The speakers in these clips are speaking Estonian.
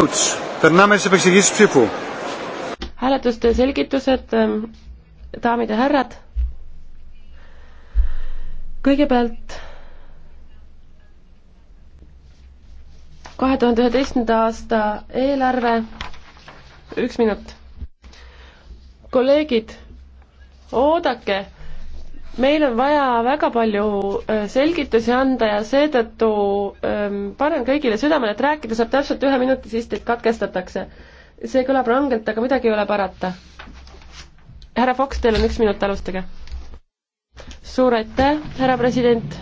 votes. Περνάμε στις επεξηγήσεις ψήφου. Hääletuste selgitused, ähm, daamid ja härrad. Kõigepealt 2011. aasta eelarve. Üks minut. Kolleegid, oodake, meil on vaja väga palju äh, selgitusi anda ja seetõttu ähm, panen kõigile südamele, et rääkida saab täpselt ühe minuti, siis teid katkestatakse. see kõlab rangelt, aga midagi ei ole parata. härra Fox, teil on üks minut, alustage. suur aitäh, härra president.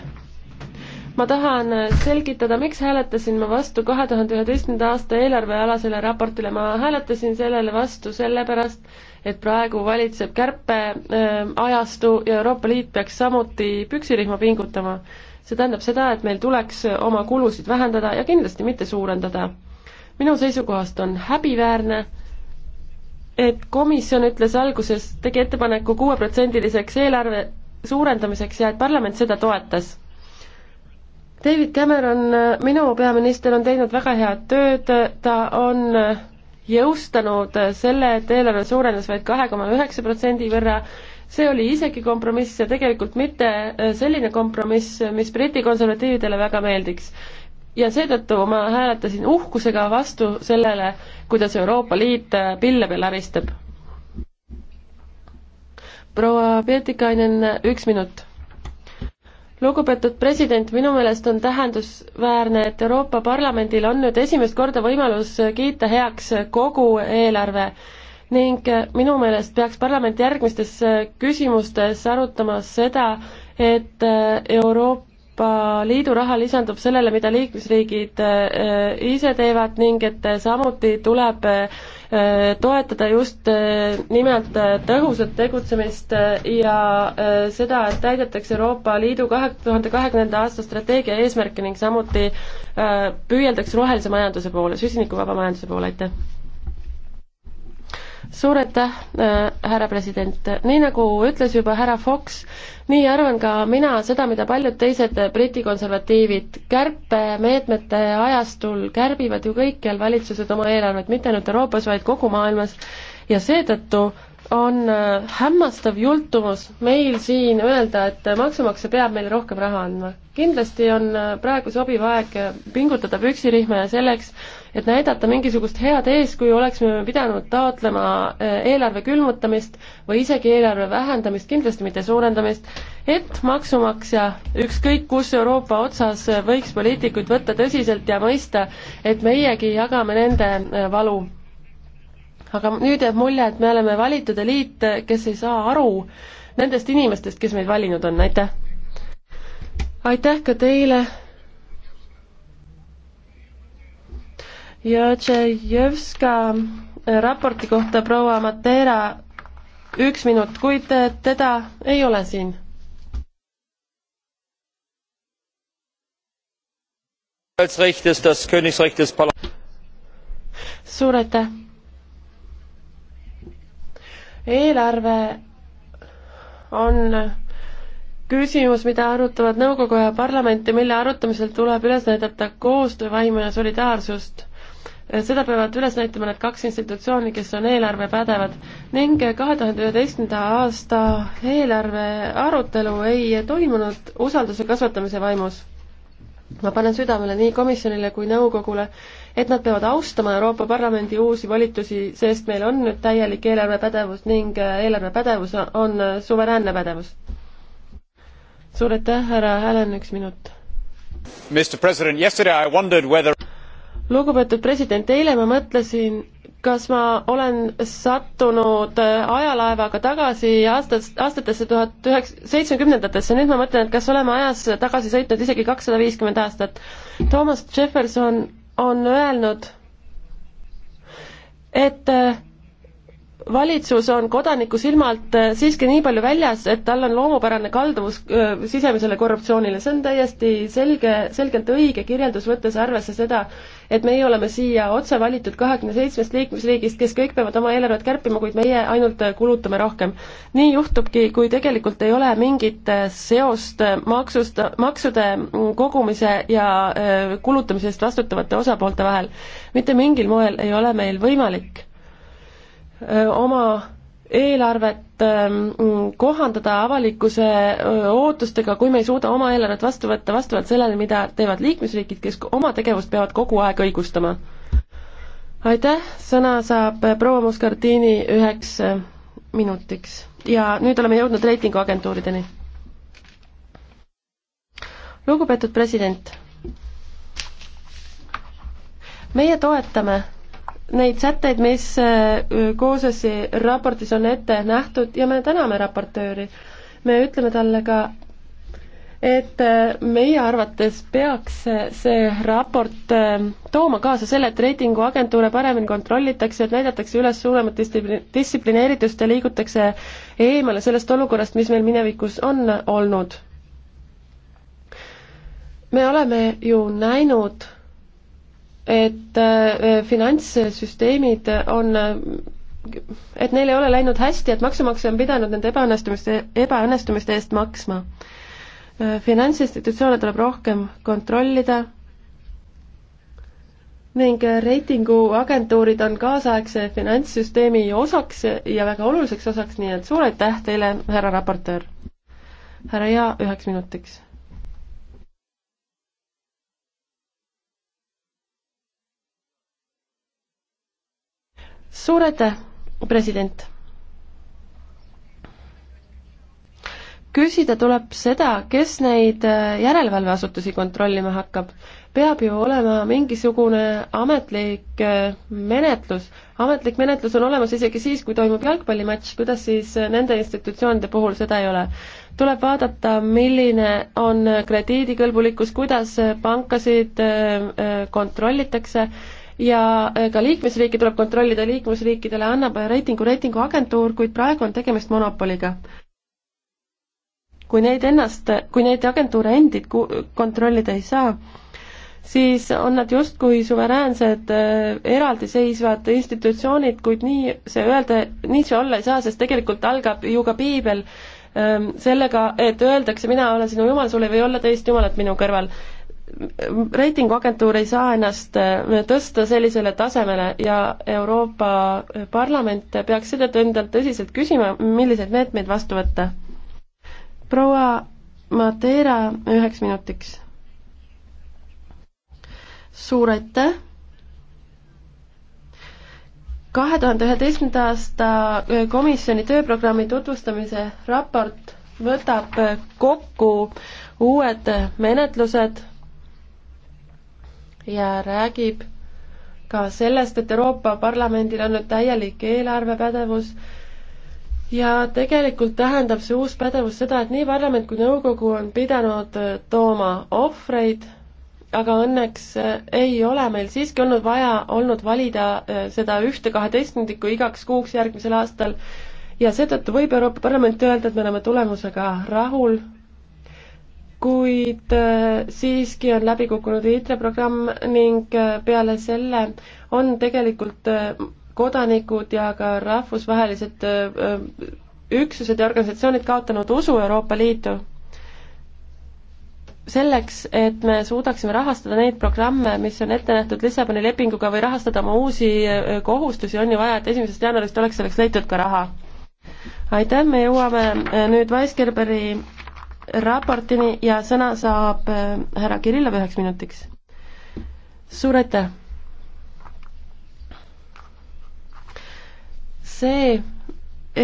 ma tahan äh, selgitada, miks hääletasin ma vastu kahe tuhande üheteistkümnenda aasta eelarvealasele raportile, ma hääletasin sellele vastu sellepärast, et praegu valitseb kärpeajastu ähm, ja Euroopa Liit peaks samuti püksirihma pingutama. see tähendab seda, et meil tuleks äh, oma kulusid vähendada ja kindlasti mitte suurendada. minu seisukohast on häbiväärne, et komisjon ütles alguses, tegi ettepaneku kuueprotsendiliseks eelarve suurendamiseks ja et parlament seda toetas David Cameron, äh, minu peaminister, on teinud väga head tööd, ta on äh, jõustanud selle, et eelarve suurenes vaid kahe koma üheksa protsendi võrra, see oli isegi kompromiss ja tegelikult mitte äh, selline kompromiss, mis Briti konservatiividele väga meeldiks. ja seetõttu ma hääletasin uhkusega vastu sellele, kuidas Euroopa Liit äh, pille peal aristab. proua Pietikainen, üks minut lugupeetud president, minu meelest on tähendusväärne, et Euroopa Parlamendil on nüüd esimest korda võimalus kiita heaks kogu eelarve ning minu meelest peaks parlament järgmistes küsimustes arutama seda, et Euroopa Euroopa Liidu raha lisandub sellele, mida liikmesriigid äh, ise teevad ning et samuti tuleb äh, Äh, toetada just äh, nimelt äh, tõhusat tegutsemist ja seda, et täidetakse Euroopa Liidu kahe tuhande kahekümnenda aasta strateegia eesmärke ning samuti püüeldaks rohelise majanduse poole, süsinikuvaba majanduse poole, aitäh! suur aitäh äh,, härra president. nii nagu ütles juba härra Fox, nii arvan ka mina seda, mida paljud teised Briti konservatiivid. kärpemeetmete ajastul kärbivad ju kõikjal valitsused oma eelarvet, mitte ainult Euroopas, vaid kogu maailmas ja seetõttu on äh, hämmastav jultumus meil siin öelda, et maksumaksja peab meile rohkem raha andma. kindlasti on äh, praegu sobiv aeg äh, pingutada püksirihma ja selleks, et näidata mingisugust head eeskuju, oleksime me pidanud taotlema eelarve külmutamist või isegi eelarve vähendamist, kindlasti mitte suurendamist, et maksumaksja ükskõik kus Euroopa otsas võiks poliitikuid võtta tõsiselt ja mõista, et meiegi jagame nende valu aga nüüd jääb mulje, et me oleme valitud eliit, kes ei saa aru nendest inimestest, kes meid valinud on, aitäh! aitäh ka teile! Jõtšejevska raporti kohta proua Matera üks minut, kuid teda ei ole siin suur aitäh! eelarve on küsimus, mida arutavad nõukogu ja parlament ja mille arutamisel tuleb üles näidata koostöövaimu ja solidaarsust. seda peavad üles näitama need kaks institutsiooni, kes on eelarvepädevad ning kahe tuhande üheteistkümnenda aasta eelarve arutelu ei toimunud usalduse kasvatamise vaimus. ma panen südamele nii komisjonile kui nõukogule, et nad peavad austama Euroopa Parlamendi uusi volitusi, sest meil on nüüd täielik eelarvepädevus ning äh, eelarvepädevus on suveräänne pädevus. suur aitäh, härra Hälen, üks minut. Whether... lugupeetud president, eile ma mõtlesin, kas ma olen sattunud äh, ajalaevaga tagasi aastas, aastatesse tuhat üheks-, seitsmekümnendatesse, nüüd ma mõtlen, et kas oleme ajas tagasi sõitnud isegi kakssada viiskümmend aastat. Thomas Jefferson on öelnud, et äh, valitsus on kodaniku silma alt äh, siiski nii palju väljas, et tal on loomupärane kalduvus äh, sisemisele korruptsioonile, see on täiesti selge, selgelt õige kirjeldus, võttes arvesse seda, et meie oleme siia otse valitud kahekümne seitsmest liikmesriigist, kes kõik peavad oma eelarvet kärpima, kuid meie ainult äh, kulutame rohkem. nii juhtubki, kui tegelikult ei ole mingit äh, seost äh, maksust, maksude mm, kogumise ja kulutamise eest vastutavate osapoolte vahel. mitte mingil moel ei ole meil võimalik oma eelarvet ähm, kohandada avalikkuse ootustega, kui me ei suuda oma eelarvet vastu võtta vastavalt sellele, mida teevad liikmesriigid, kes oma tegevust peavad kogu aeg õigustama. aitäh, sõna saab äh, proua Muscardini üheks äh, minutiks ja nüüd oleme jõudnud reitinguagentuurideni. lugupeetud president, meie toetame neid sätteid, mis äh, Koosesi raportis on ette nähtud ja me täname raportööri. me ütleme talle ka, et äh, meie arvates peaks äh, see raport tooma kaasa selle, et reitinguagentuure paremini kontrollitakse, et näidatakse üles suuremat distsiplineeritust ja liigutakse eemale sellest olukorrast, mis meil minevikus on olnud. me oleme ju näinud et äh, finantssüsteemid on et neil ei ole läinud hästi, et maksumaksja on pidanud nende ebaõnnestumiste, ebaõnnestumiste eest maksma. Äh, finantsinstitutsioone tuleb rohkem kontrollida ning äh, reitinguagentuurid on kaasaegse finantssüsteemi osaks ja väga oluliseks osaks, nii et suur aitäh teile, härra raportöör! härra Jaa, üheks minutiks suur aitäh, president! küsida tuleb seda, kes neid äh, järelevalveasutusi kontrollima hakkab. peab ju olema mingisugune ametlik äh, menetlus. ametlik menetlus on olemas isegi siis, kui toimub jalgpallimatš, kuidas siis äh, nende institutsioonide puhul seda ei ole? tuleb vaadata, milline on krediidikõlbulikkus, kuidas pankasid kontrollitakse ja äh, ka liikmesriiki tuleb kontrollida, liikmesriikidele annab reitingu reitinguagentuur, kuid praegu on tegemist monopoliga. kui neid ennast, kui neid agentuure endid kontrollida ei saa, siis on nad justkui suveräänsed äh, eraldiseisvad institutsioonid, kuid nii see öelda, nii see olla ei saa, sest tegelikult algab ju ka piibel ähm, sellega, et öeldakse, mina olen sinu jumal, sul ei või olla teist jumalat minu kõrval reitinguagentuur ei saa ennast äh, tõsta sellisele tasemele ja Euroopa Parlament peaks seetõttu endalt tõsiselt küsima, milliseid meetmeid vastu võtta. proua Mateera üheks minutiks. suur aitäh! kahe tuhande üheteistkümnenda aasta äh, komisjoni tööprogrammi tutvustamise raport võtab äh, kokku uued menetlused ja räägib ka sellest, et Euroopa Parlamendil on nüüd täielik eelarvepädevus ja tegelikult tähendab see uus pädevus seda, et nii parlament kui nõukogu on pidanud äh, tooma ohvreid, aga õnneks äh, ei ole meil siiski olnud vaja olnud valida äh, seda ühte kaheteistkümnendikku igaks kuuks järgmisel aastal ja seetõttu võib Euroopa Parlament öelda, et me oleme tulemusega rahul kuid äh, siiski on läbi kukkunud ITRE programm ning äh, peale selle on tegelikult äh, kodanikud ja ka rahvusvahelised üksused ja organisatsioonid kaotanud usu Euroopa Liitu. selleks, et me suudaksime rahastada neid programme, mis on ette nähtud Lissaboni lepinguga või rahastada oma uusi kohustusi, on ju vaja, et esimesest jaanuarist oleks selleks leitud ka raha. aitäh, me jõuame nüüd Weisgerberi raportini ja sõna saab äh, härra Kirillov üheks minutiks. suur aitäh! see,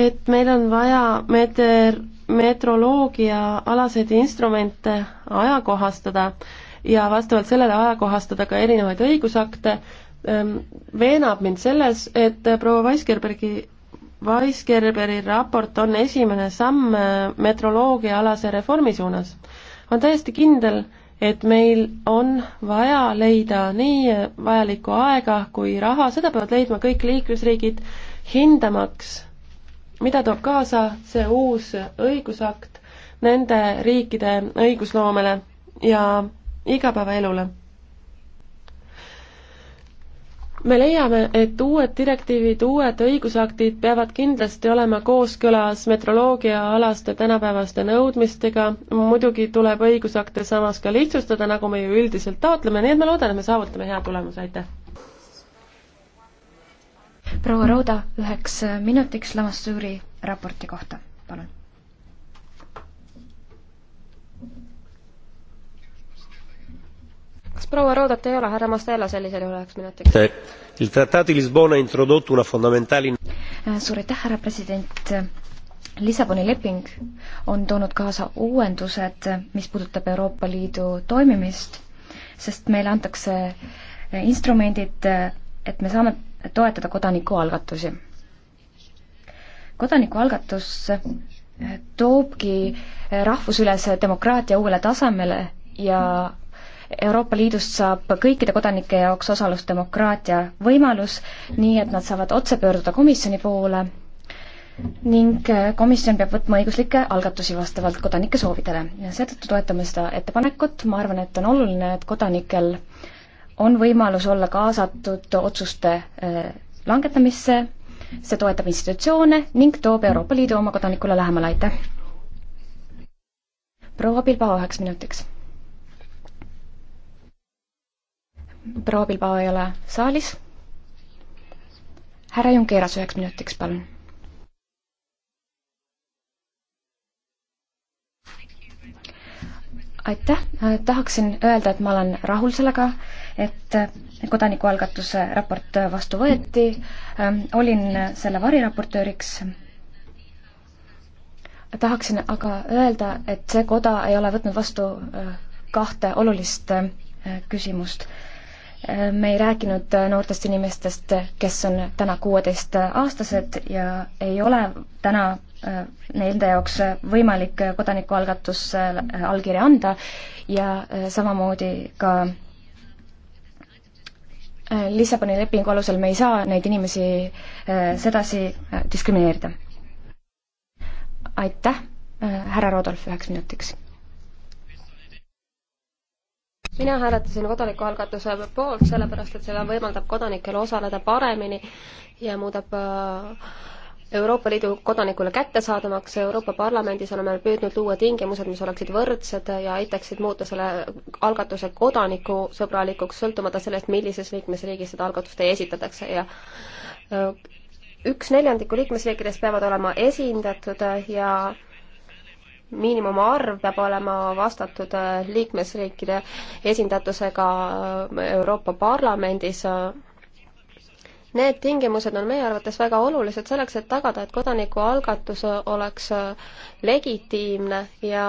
et meil on vaja meter-, metroloogia-alaseid instrumente ajakohastada ja vastavalt sellele ajakohastada ka erinevaid õigusakte, ähm, veenab mind selles, et proua Weisgerbergi Weisgerberi raport on esimene samm äh, metroloogiaalase reformi suunas. on täiesti kindel, et meil on vaja leida nii vajalikku aega kui raha, seda peavad leidma kõik liikmesriigid, hindamaks, mida toob kaasa see uus õigusakt nende riikide õigusloomele ja igapäevaelule me leiame, et uued direktiivid, uued õigusaktid peavad kindlasti olema kooskõlas metroloogiaalaste tänapäevaste nõudmistega, muidugi tuleb õigusakte samas ka lihtsustada, nagu me ju üldiselt taotleme, nii et ma loodan, et me saavutame hea tulemuse, aitäh! proua Rauda, üheks minutiks Lamassuuri raporti kohta, palun kas proua Roodat ei ole, härra Mastella sellisel juhul üheks minutiks? Il trattato di Lisbona introdotto una fondamentali äh, suur aitäh, härra president! Lissaboni leping on toonud kaasa uuendused, mis puudutab Euroopa Liidu toimimist, sest meile antakse äh, instrumendid, äh, et me saame toetada kodanikualgatusi. kodanikualgatus toobki rahvusülese demokraatia uuele tasemele ja Euroopa Liidust saab kõikide kodanike jaoks osalusdemokraatia võimalus, nii et nad saavad otse pöörduda komisjoni poole ning komisjon peab võtma õiguslikke algatusi vastavalt kodanike soovidele. seetõttu toetame seda ettepanekut, ma arvan, et on oluline, et kodanikel on võimalus olla kaasatud otsuste eh, langetamisse, see toetab institutsioone ning toob Euroopa Liidu oma kodanikule lähemale, aitäh! proua Bilbao üheks minutiks proua Bilbao ei ole saalis. härra Junkeras üheks minutiks, palun. aitäh, tahaksin öelda, et ma olen rahul sellega, et kodanikualgatuse raport vastu võeti, olin selle variraportööriks tahaksin aga öelda, et see koda ei ole võtnud vastu kahte olulist küsimust me ei rääkinud noortest inimestest, kes on täna kuueteistaastased ja ei ole täna äh, nende jaoks võimalik kodanikualgatusse äh, allkirja anda ja äh, samamoodi ka Lissaboni lepingu alusel me ei saa neid inimesi sedasi diskrimineerida. aitäh, härra Rodolf, üheks minutiks mina hääletasin kodanikualgatuse poolt, sellepärast et see võimaldab kodanikel osaleda paremini ja muudab äh, Euroopa Liidu kodanikule kättesaadavaks, Euroopa Parlamendis oleme püüdnud luua tingimused, mis oleksid võrdsed ja aitaksid muuta selle algatuse kodanikusõbralikuks, sõltumata sellest, millises liikmesriigis seda algatust ei esitatakse ja äh, üks neljandiku liikmesriikidest peavad olema esindatud ja miinimumarv peab olema vastatud äh, liikmesriikide esindatusega äh, Euroopa Parlamendis. Need tingimused on meie arvates väga olulised selleks, et tagada, et kodanikualgatus oleks äh, legitiimne ja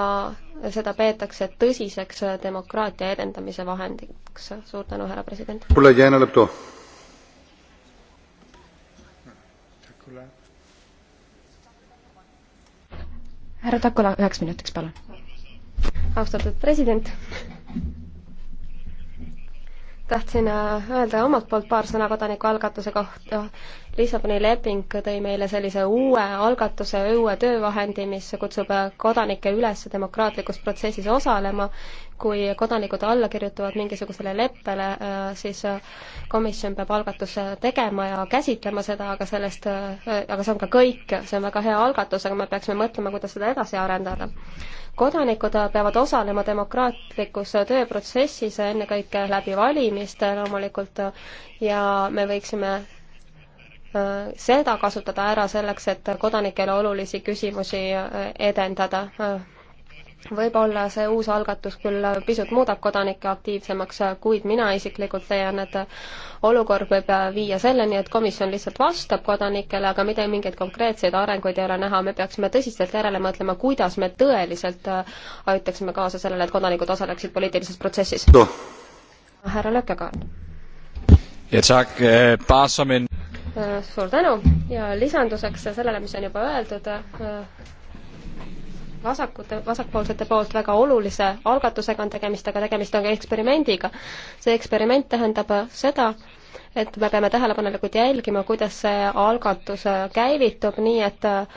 seda peetakse tõsiseks demokraatia edendamise vahendiks. suur tänu, härra president! härra Takola, üheks minutiks, palun. austatud president tahtsin äh, öelda omalt poolt paar sõna kodanikualgatuse kohta. Lissaboni leping tõi meile sellise uue algatuse, uue töövahendi, mis kutsub äh, kodanikke üles demokraatlikus protsessis osalema. kui kodanikud alla kirjutavad mingisugusele leppele, äh, siis komisjon peab algatuse tegema ja käsitlema seda, aga sellest, aga see on ka kõik, see on väga hea algatus, aga me peaksime mõtlema, kuidas seda edasi arendada kodanikud peavad osalema demokraatlikus tööprotsessis, ennekõike läbi valimiste loomulikult, ja me võiksime äh, seda kasutada ära selleks, et kodanikele olulisi küsimusi äh, edendada võib-olla see uus algatus küll pisut muudab kodanikke aktiivsemaks, kuid mina isiklikult leian, et olukord võib viia selleni, et komisjon lihtsalt vastab kodanikele, aga mitte mingeid konkreetseid arenguid ei ole näha, me peaksime tõsiselt järele mõtlema, kuidas me tõeliselt äh, aitaksime kaasa sellele, et kodanikud osaleksid poliitilises protsessis no.. härra Lökekaard. Äh, äh, suur tänu ja lisanduseks sellele, mis on juba öeldud, vasakute, vasakpoolsete poolt väga olulise algatusega on tegemist, aga tegemist on ka eksperimendiga. see eksperiment tähendab seda, et me peame tähelepanelikult jälgima, kuidas see algatus käivitub, nii et äh,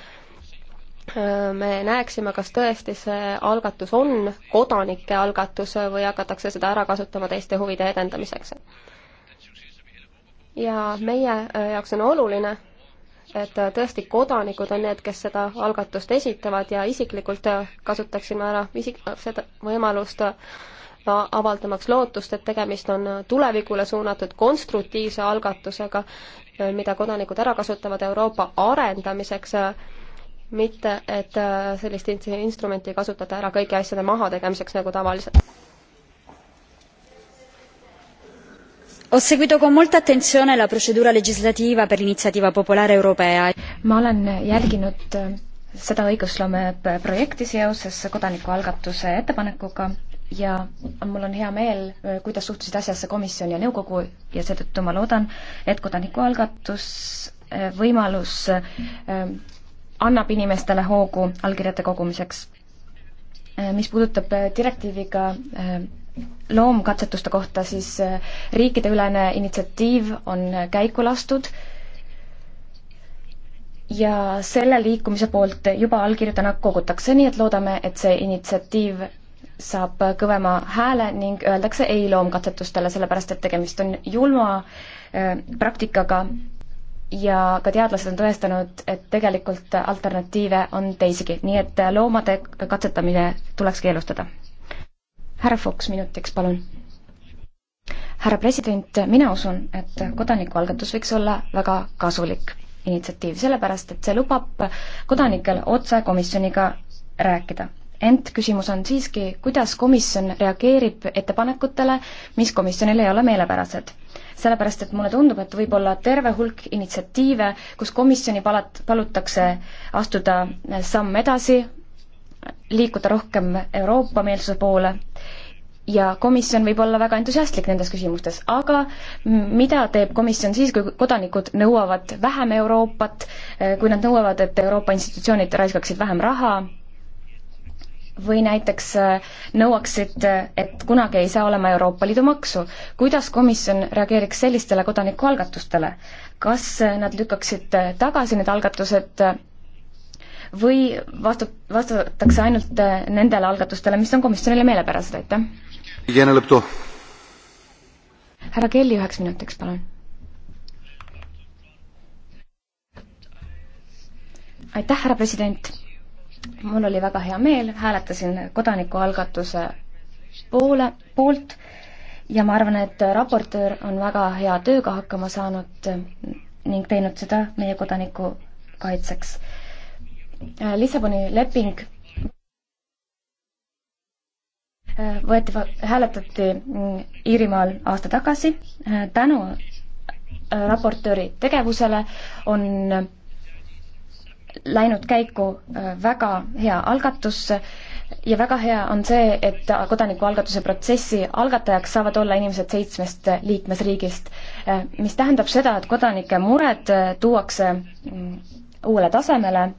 me näeksime, kas tõesti see algatus on kodanike algatus või hakatakse seda ära kasutama teiste huvide edendamiseks. ja meie äh, jaoks on oluline et tõesti kodanikud on need, kes seda algatust esitavad ja isiklikult kasutaksin ma ära isik-, seda võimalust äh, avaldamaks lootust, et tegemist on tulevikule suunatud konstruktiivse algatusega, äh, mida kodanikud ära kasutavad Euroopa arendamiseks, äh, mitte et sellist instrumenti ei kasutata ära kõigi asjade mahategemiseks, nagu tavaliselt. ho seguito con molta attenzione la procedura legislativa per l'iniziativa popolare europea. ma olen jälginud äh, seda õigusloome äh, projekti seoses kodanikualgatuse ettepanekuga ja mul on hea meel, äh, kuidas suhtusid asjasse komisjon ja nõukogu ja seetõttu ma loodan, et kodanikualgatus, võimalus annab inimestele hoogu allkirjade kogumiseks. mis puudutab direktiiviga loomkatsetuste kohta, siis äh, riikideülene initsiatiiv on käiku lastud ja selle liikumise poolt juba allkirju täna kogutakse, nii et loodame, et see initsiatiiv saab kõvema hääle ning öeldakse ei loomkatsetustele, sellepärast et tegemist on julma äh, praktikaga ja ka teadlased on tõestanud, et tegelikult alternatiive on teisigi, nii et äh, loomade katsetamine tuleks keelustada härra Fox minutiks, palun. härra president, mina usun, et kodanikualgatus võiks olla väga kasulik initsiatiiv, sellepärast et see lubab kodanikel otse komisjoniga rääkida. ent küsimus on siiski, kuidas komisjon reageerib ettepanekutele, mis komisjonile ei ole meelepärased. sellepärast, et mulle tundub, et võib olla terve hulk initsiatiive, kus komisjoni palat-, palutakse astuda samm edasi, liikuda rohkem Euroopa meelsuse poole ja komisjon võib olla väga entusiastlik nendes küsimustes, aga mida teeb komisjon siis, kui kodanikud nõuavad vähem Euroopat, eh, kui nad nõuavad, et Euroopa institutsioonid raiskaksid vähem raha, või näiteks eh, nõuaksid, eh, et kunagi ei saa olema Euroopa Liidu maksu. kuidas komisjon reageeriks sellistele kodanikualgatustele? kas nad lükkaksid tagasi need algatused või vastu, vastatakse ainult nendele algatustele, mis on komisjonile meelepärased, aitäh? härra Kelly üheks minutiks, palun. aitäh, härra president. mul oli väga hea meel, hääletasin kodanikualgatuse poole, poolt ja ma arvan, et raportöör on väga hea tööga hakkama saanud ning teinud seda meie kodaniku kaitseks. Äh, Lissaboni leping võeti, hääletati mm, Iirimaal aasta tagasi. tänu äh, raportööri tegevusele on läinud käiku äh, väga hea algatus ja väga hea on see, et kodanikualgatuse protsessi algatajaks saavad olla inimesed seitsmest liikmesriigist, äh, mis tähendab seda, et kodanike mured tuuakse mm, uuele tasemele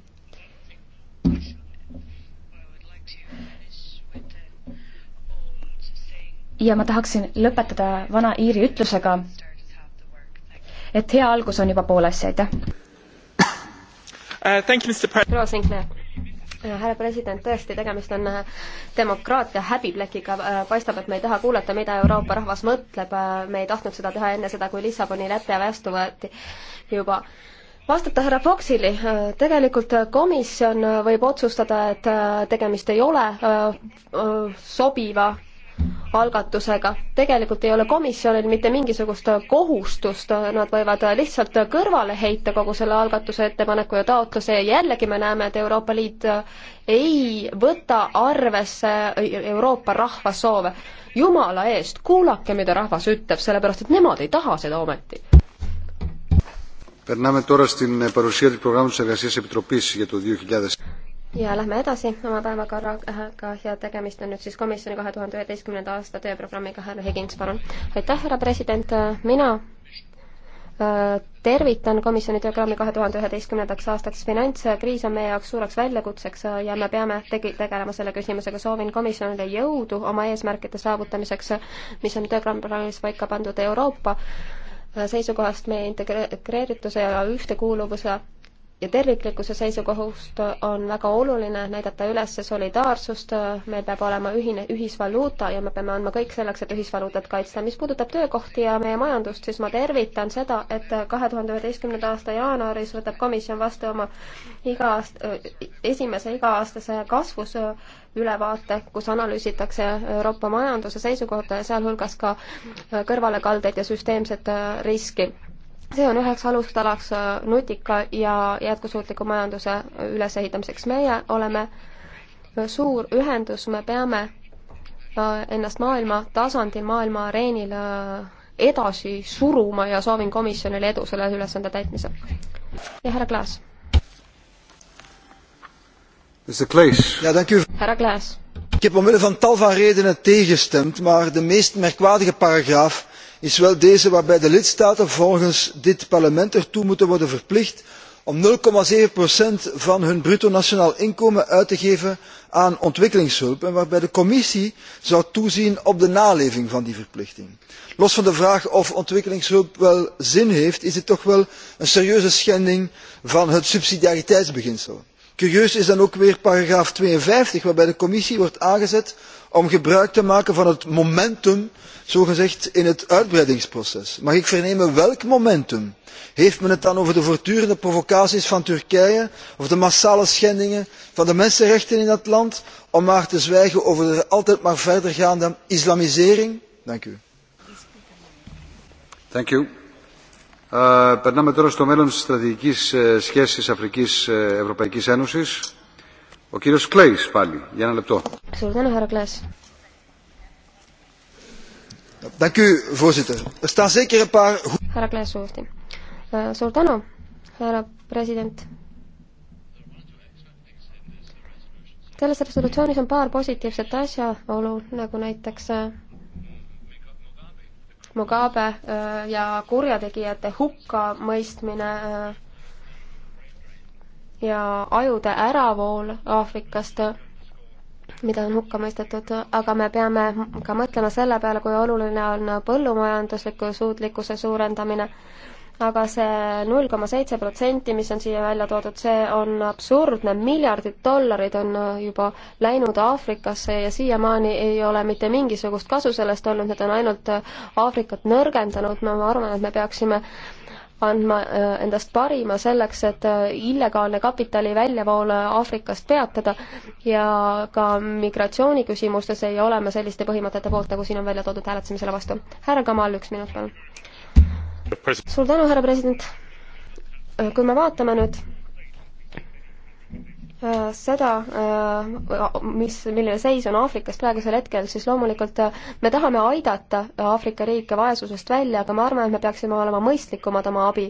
ja ma tahaksin lõpetada vana Iiri ütlusega, et hea algus on juba pool asja, aitäh uh,! proua Sinkler uh, härra president, tõesti, tegemist on uh, demokraatia häbiplekiga, uh, paistab, et me ei taha kuulata, mida Euroopa rahvas mõtleb, me ei tahtnud seda teha enne seda, kui Lissaboni lepe vastu võeti juba. vastata härra Foxile, tegelikult komisjon võib otsustada, et tegemist ei ole sobiva algatusega. tegelikult ei ole komisjonil mitte mingisugust kohustust, nad võivad lihtsalt kõrvale heita kogu selle algatuse ettepaneku ja taotluse ja jällegi me näeme, et Euroopa Liit ei võta arvesse Euroopa rahva soove. jumala eest, kuulake, mida rahvas ütleb, sellepärast et nemad ei taha seda ometi. Περνάμε τώρα στην παρουσία του προγράμματος εργασίας επιτροπής για το 2000 ja lähme edasi oma päevakorraga ja tegemist on nüüd siis komisjoni kahe tuhande üheteistkümnenda aasta tööprogrammiga, härra Higins, palun. aitäh, härra president, mina äh, tervitan komisjoni tööprogrammi kahe tuhande üheteistkümnendaks aastaks. finantskriis on meie jaoks suureks väljakutseks ja me peame tegi-, tegelema selle küsimusega. soovin komisjonile jõudu oma eesmärkide saavutamiseks, mis on tööprogrammis paika pandud Euroopa seisukohast meie integreerituse ja ühtekuuluvuse ja terviklikkuse seisukohust on väga oluline näidata üles solidaarsust, meil peab olema ühine, ühisvaluuta ja me peame andma kõik selleks, et ühisvaluutat kaitsta. mis puudutab töökohti ja meie majandust, siis ma tervitan seda, et kahe tuhande üheteistkümnenda aasta jaanuaris võtab komisjon vastu oma iga aast-, esimese iga-aastase kasvus ülevaate, kus analüüsitakse Euroopa majanduse seisukohta ja sealhulgas ka kõrvalekaldeid ja süsteemset riski see on üheks alustalaks äh, nutika ja jätkusuutliku majanduse äh, ülesehitamiseks. meie oleme äh, suur ühendus, me peame ennast maailma tasandil, maailma areenil edasi suruma ja soovin komisjonile edu selle ülesande täitmisel. ja härra Klaas. härra Klaas. Ik heb omwille van tal van redenen tegengestemd, maar de meest merkwaardige paragraaf is wel deze waarbij de lidstaten volgens dit parlement ertoe moeten worden verplicht om nul zeven procent van hun bruto nationaal inkomen uit te geven aan ontwikkelingshulp en waarbij de commissie zou toezien op de naleving van die verplichting. los van de vraag of ontwikkelingshulp wel zin heeft is dit toch wel een serieuze schending van het subsidiariteitsbeginsel. curieus is dan ook weer paragraaf tweeënvijftig waarbij de commissie wordt aangezet om gebruik te maken van het momentum zogezegd in het uitbreidingsproces. mag ik vernemen welk momentum? heeft men het dan over de voortdurende provocaties van turkije of de massale schendingen van de mensenrechten in dat land om maar te zwijgen over de altijd maar verdergaande islamisering? dank u. Thank you. Uh, περνάμε τώρα στο μέλλον της στρατηγικής uh, σχέσης Αφρικής-Ευρωπαϊκής uh, Ένωσης suur tänu, härra Klaas! Er härra Klaas uuesti. Äh, suur tänu, härra president. selles resolutsioonis on paar positiivset asjaolu, nagu näiteks äh, Mugabe äh, ja kurjategijate hukkamõistmine ja ajude äravool Aafrikast, mida on hukka mõistetud, aga me peame ka mõtlema selle peale, kui oluline on põllumajandusliku suutlikkuse suurendamine. aga see null koma seitse protsenti, mis on siia välja toodud, see on absurdne, miljardid dollarid on juba läinud Aafrikasse ja siiamaani ei ole mitte mingisugust kasu sellest olnud, need on ainult Aafrikat nõrgendanud, ma arvan, et me peaksime äh, andma äh, endast parima selleks, et äh, illegaalne kapitali väljavool äh, Aafrikast peatada ja ka migratsiooniküsimustes ei ole me selliste põhimõtete poolt, nagu siin on välja toodud, hääletamisele vastu. härra Kamal, üks minut, palun. suur tänu, härra president. kui me vaatame nüüd Äh, seda, äh, mis, milline seis on Aafrikas praegusel hetkel, siis loomulikult äh, me tahame aidata Aafrika riike vaesusest välja, aga ma arvan, et me peaksime olema mõistlikumad oma abi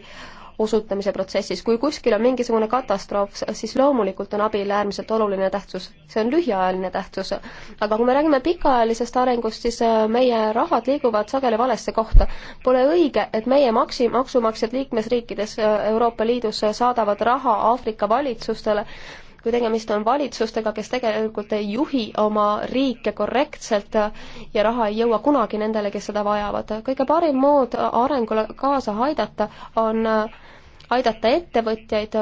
osutamise protsessis. kui kuskil on mingisugune katastroof, siis loomulikult on abil äärmiselt oluline tähtsus. see on lühiajaline tähtsus. aga kui me räägime pikaajalisest arengust, siis meie rahad liiguvad sageli valesse kohta. Pole õige, et meie maksi-, maksumaksjad liikmesriikides Euroopa Liidus saadavad raha Aafrika valitsustele, kui tegemist on valitsustega, kes tegelikult ei juhi oma riike korrektselt ja raha ei jõua kunagi nendele, kes seda vajavad. kõige parim mood arengule kaasa aidata on aidata ettevõtjaid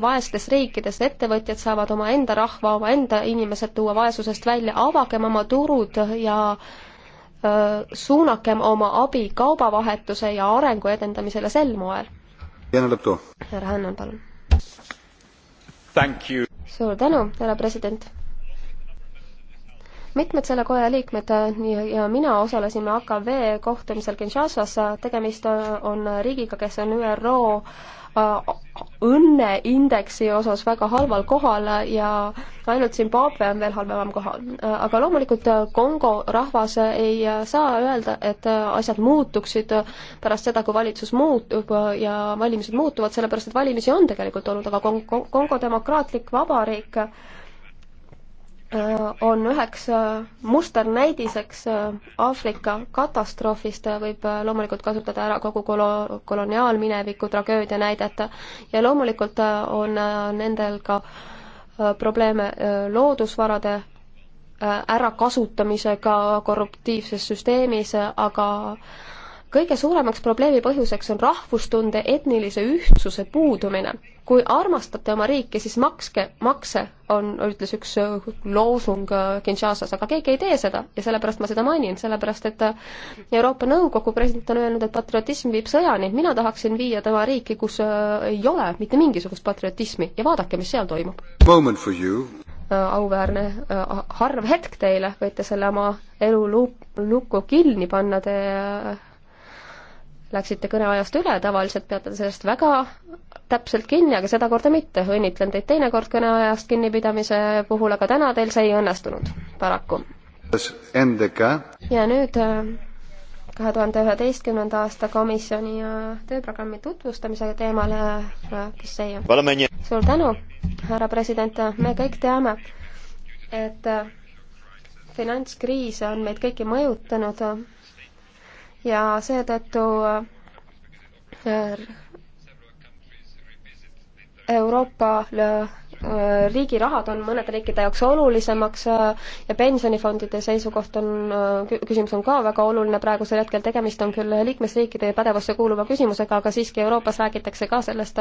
vaestes riikides, ettevõtjad saavad omaenda rahva, omaenda inimesed tuua vaesusest välja, avagem oma turud ja suunakem oma abi kaubavahetuse ja arengu edendamisele sel moel. härra Hannan, palun suur tänu, härra president! mitmed selle koja liikmed ja mina osalesime AKV kohtumisel Kinshasas, tegemist on riigiga, kes on ÜRO õnneindeksi osas väga halval kohal ja ainult Zimbabwe on veel halvemal kohal. aga loomulikult Kongo rahvas ei saa öelda, et asjad muutuksid pärast seda, kui valitsus muutub ja valimised muutuvad, sellepärast et valimisi on tegelikult olnud, aga Kongo demokraatlik vabariik Äh, on üheks äh, musternäidiseks äh, Aafrika katastroofist, võib loomulikult kasutada ära kogu kolo-, koloniaalmineviku tragöödia näidet ja loomulikult on nendel ka probleeme loodusvarade ärakasutamisega korruptiivses süsteemis, aga kõige suuremaks probleemi põhjuseks on rahvustunde etnilise ühtsuse puudumine. kui armastate oma riiki, siis makske makse, on, ütles üks äh, loosung äh, Kinshasas, aga keegi ei tee seda ja sellepärast ma seda mainin, sellepärast et äh, Euroopa Nõukogu president on öelnud, et patriotism viib sõjani, mina tahaksin viia tema riiki, kus ei ole mitte mingisugust patriotismi ja vaadake, mis seal toimub. auväärne harv hetk teile, võite selle oma elu lu-, lukku kinni panna, te läksite kõneajast üle, tavaliselt peate sellest väga täpselt kinni, aga sedakorda mitte. õnnitlen teid teinekord kõneajast kinnipidamise puhul, aga täna teil see ei õnnestunud, paraku. ja nüüd äh, kahe tuhande üheteistkümnenda aasta komisjoni äh, tööprogrammi tutvustamise teemal, äh, kes see on? suur tänu, härra president, me kõik teame, et finantskriis on meid kõiki mõjutanud ja seetõttu äh, Euroopa äh, riigi rahad on mõnede riikide jaoks olulisemaks äh, ja pensionifondide seisukoht on, küsimus on ka väga oluline praegusel hetkel, tegemist on küll liikmesriikide pädevusse kuuluva küsimusega, aga siiski Euroopas räägitakse ka sellest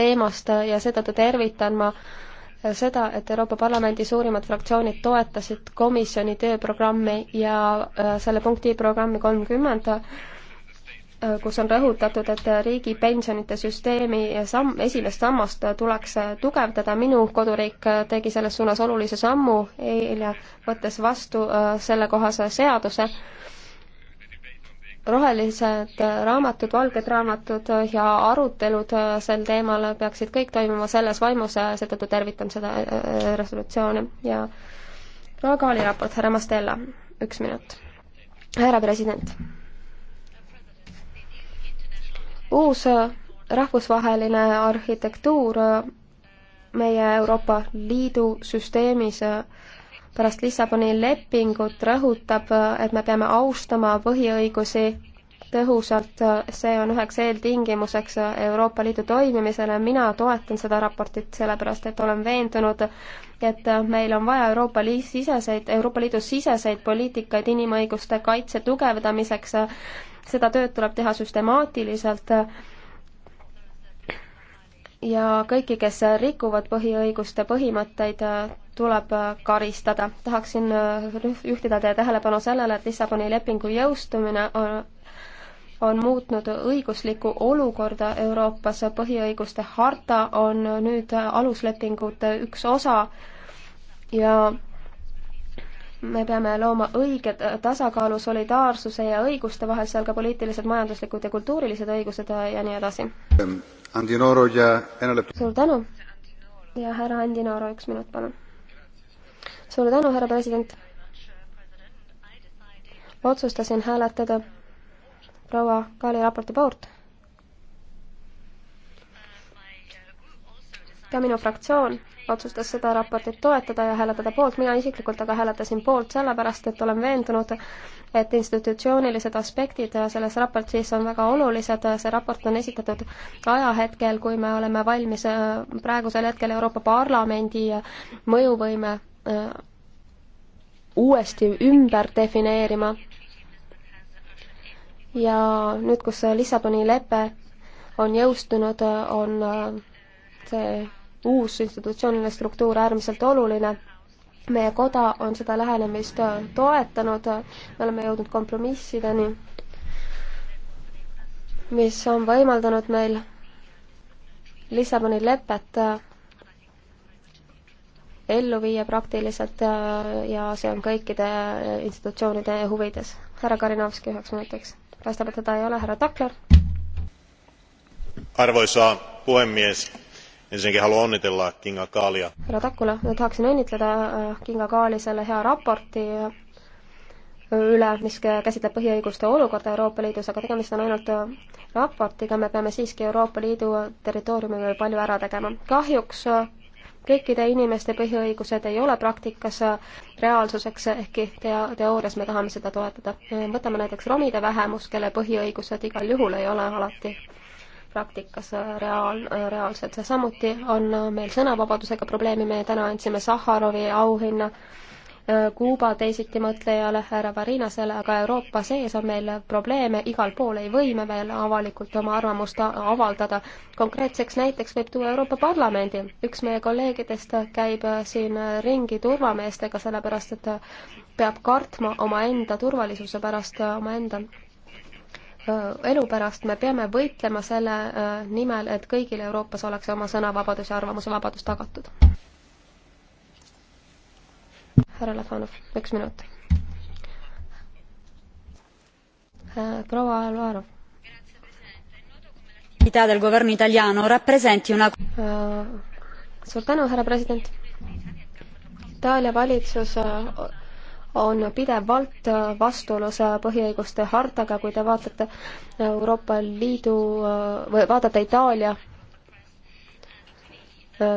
teemast ja seetõttu tervitan ma äh, seda, et Euroopa Parlamendi suurimad fraktsioonid toetasid komisjoni tööprogrammi ja äh, selle punkti programmi kolmkümmend, äh, kus on rõhutatud, et riigi pensionite süsteemi samm, esimest sammast tuleks tugevdada, minu koduriik äh, tegi selles suunas olulise sammu eile, võttes vastu sellekohase seaduse rohelised raamatud, valged raamatud ja arutelud sel teemal peaksid kõik toimuma selles vaimus, seetõttu tervitan seda äh, resolutsiooni ja proua Kaali raport, härra Mastella, üks minut. härra president. uus äh, rahvusvaheline arhitektuur äh, meie Euroopa Liidu süsteemis pärast Lissaboni lepingut rõhutab, et me peame austama põhiõigusi tõhusalt, see on üheks eeltingimuseks Euroopa Liidu toimimisele, mina toetan seda raportit, sellepärast et olen veendunud, et meil on vaja Euroopa Liidu siseseid, Euroopa Liidu siseseid poliitikaid inimõiguste kaitse tugevdamiseks, seda tööd tuleb teha süstemaatiliselt ja kõiki, kes rikuvad põhiõiguste põhimõtteid, tuleb äh, karistada. tahaksin äh, juhtida teie tähelepanu sellele, et Lissaboni lepingu jõustumine on, on muutnud õiguslikku olukorda Euroopas, põhiõiguste harta on nüüd aluslepingute üks osa ja me peame looma õige tasakaalu solidaarsuse ja õiguste vahel, seal ka poliitilised, majanduslikud ja kultuurilised õigused äh, ja nii edasi. suur tänu ja härra Andi Nooro, üks minut, palun suur tänu, härra president. otsustasin hääletada proua Kaali raporti poolt. ka minu fraktsioon otsustas seda raportit toetada ja hääletada poolt, mina isiklikult aga hääletasin poolt sellepärast, et olen veendunud, et institutsioonilised aspektid selles raportis on väga olulised, see raport on esitatud ajahetkel, kui me oleme valmis äh, praegusel hetkel Euroopa Parlamendi mõjuvõime Äh, uuesti ümber defineerima. ja nüüd, kus Lissaboni lepe on jõustunud, on äh, see uus institutsiooniline struktuur äärmiselt oluline. meie koda on seda lähenemist äh, toetanud, me oleme jõudnud kompromissideni, mis on võimaldanud meil Lissaboni lepet ellu viia praktiliselt äh, ja see on kõikide äh, institutsioonide huvides. härra Karinovski üheks minutiks. paistab, et teda ei ole, härra Takler. arvoisa puhemies, ensinnäkin haluan onnitella Kinga Kaalia. härra Takula, ma tahaksin õnnitleda äh, Kinga Kaali selle hea raporti üle, mis käsitleb põhiõiguste olukorda Euroopa Liidus, aga tegemist on ainult raportiga, me peame siiski Euroopa Liidu territooriumil veel palju ära tegema. kahjuks kõikide inimeste põhiõigused ei ole praktikas reaalsuseks, ehkki tea-, teoorias me tahame seda toetada. võtame näiteks romide vähemus, kelle põhiõigused igal juhul ei ole alati praktikas reaal, reaalsed. samuti on meil sõnavabadusega probleemi, me täna andsime Sahharovi auhinna äh, Kuuba teisitimõtlejale, härra Varinasele, aga Euroopa sees on meil probleeme, igal pool ei või me veel avalikult oma arvamust avaldada. konkreetseks näiteks võib tuua Euroopa Parlamendi. üks meie kolleegidest käib äh, siin ringi turvameestega, sellepärast et äh, peab kartma omaenda turvalisuse pärast, äh, omaenda elu pärast, me peame võitlema selle nimel, et kõigil Euroopas oleks oma sõnavabadus ja arvamusevabadus tagatud härra Lafanov, üks minut. Äh, proua Alvarov. del governo italiano rappresenti una äh, suur tänu, härra president. Itaalia valitsus äh, on pidevalt vastuolus põhiõiguste hartaga, kui te vaatate Euroopa Liidu või vaatate Itaalia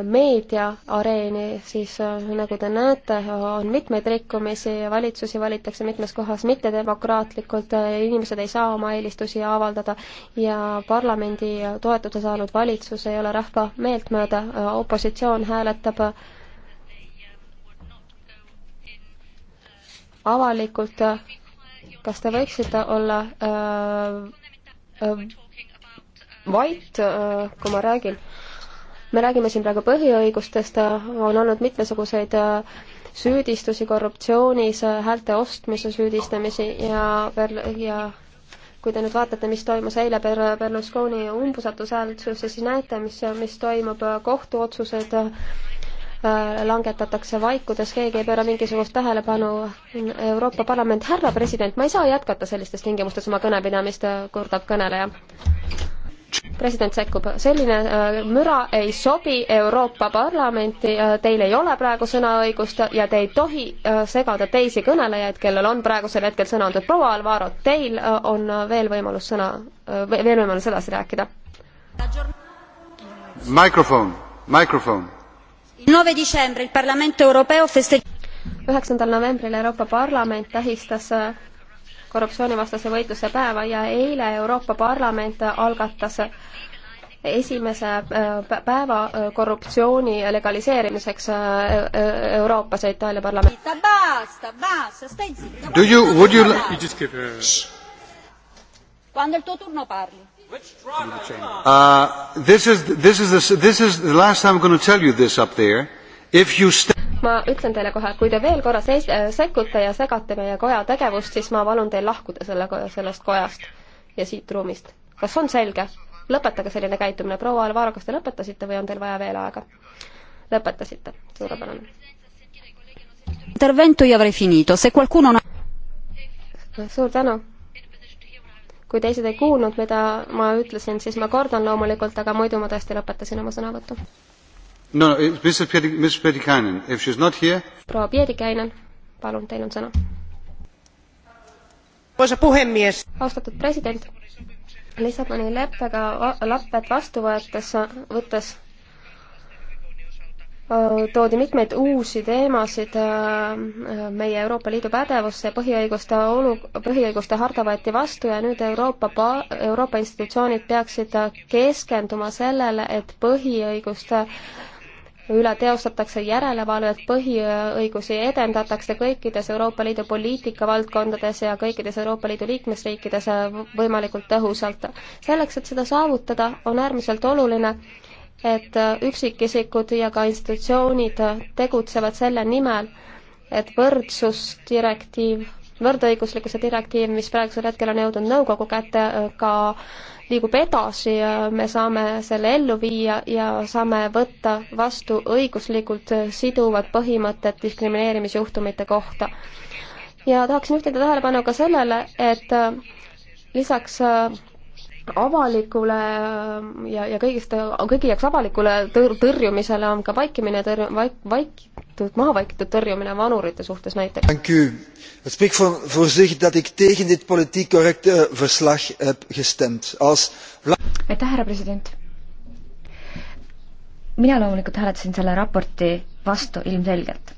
meediaareeni, siis äh, nagu te näete, on mitmeid rikkumisi ja valitsusi valitakse mitmes kohas mittedemokraatlikult, äh, inimesed ei saa oma eelistusi avaldada ja parlamendi toetuse saanud valitsus ei ole rahva meelt mööda, äh, opositsioon hääletab avalikult, kas te võiksite olla äh, äh, vait äh,, kui ma räägin? me räägime siin praegu põhiõigustest, on olnud mitmesuguseid äh, süüdistusi korruptsioonis, äh, häälte ostmise süüdistamisi ja per-, ja kui te nüüd vaatate, mis toimus eile per-, Berlusconi umbusaldushääletuses, siis näete, mis, mis toimub, äh, kohtuotsused langetatakse vaikudes, keegi ei pööra mingisugust tähelepanu Euroopa Parlament. härra president, ma ei saa jätkata sellistes tingimustes oma kõnepidamist, kurdab kõneleja president sekkub, selline äh, müra ei sobi Euroopa Parlamenti, äh, teil ei ole praegu sõnaõigust ja te ei tohi äh, segada teisi kõnelejaid, kellel on praegusel hetkel sõna antud. proua Alvaro, teil on veel võimalus sõna, veel võimalus edasi rääkida. mikrofon, mikrofon. üheksandal novembril Euroopa Parlament tähistas korruptsioonivastase võitluse päeva ja eile Euroopa Parlament algatas esimese äh, päeva äh, korruptsiooni legaliseerimiseks äh, Euroopas ja Itaalia parlamendis. Do you, would you like... Quando il tuo turno parli. Uh, this is, this is, the, this is the last time I'm going to tell you this up there ma ütlen teile kohe, kui te veel korra seis-, äh, sekkute ja segate meie koja tegevust, siis ma palun teil lahkuda selle, sellest kojast ja siit ruumist. kas on selge? lõpetage selline käitumine, proua Alvaro, kas te lõpetasite või on teil vaja veel aega? lõpetasite, suurepärane. Intervento io avrei finito, se qualcuno no... suur tänu. kui teised ei kuulnud, mida ma ütlesin, siis ma kordan loomulikult, aga muidu ma tõesti lõpetasin oma sõnavõtu no, no, eh, here... proua Pietikäinen, palun, teil on sõna. austatud president, Lissaboni leppega lapped vastu võetes, võttes toodi mitmeid uusi teemasid meie Euroopa Liidu pädevusse, põhiõiguste olu, põhiõiguste harta võeti vastu ja nüüd Euroopa, Euroopa institutsioonid peaksid keskenduma sellele, et põhiõiguste üle teostatakse järelevalvet, põhiõigusi edendatakse kõikides Euroopa Liidu poliitikavaldkondades ja kõikides Euroopa Liidu liikmesriikides võimalikult tõhusalt. selleks, et seda saavutada, on äärmiselt oluline, et üksikisikud ja ka institutsioonid tegutsevad selle nimel, et võrdsusdirektiiv, võrdõiguslikkuse direktiiv, mis praegusel hetkel on jõudnud nõukogu kätte, ka liigub edasi ja me saame selle ellu viia ja saame võtta vastu õiguslikult siduvad põhimõtted diskrimineerimisjuhtumite kohta. ja tahaksin juhtida tähelepanu ka sellele, et äh, lisaks äh, avalikule ja, ja kõigist, kõigi jaoks avalikule tõr-, tõrjumisele on ka vaikimine tõrju-, vaik-, vaikitud, maha vaikitud tõrjumine vanurite suhtes näiteks. Het spreekt voor, voor zich dat ik tegen dit politiek correcte eh, verslag heb gestemd. Als... aitäh, härra president. mina loomulikult hääletasin selle raporti vastu ilmselgelt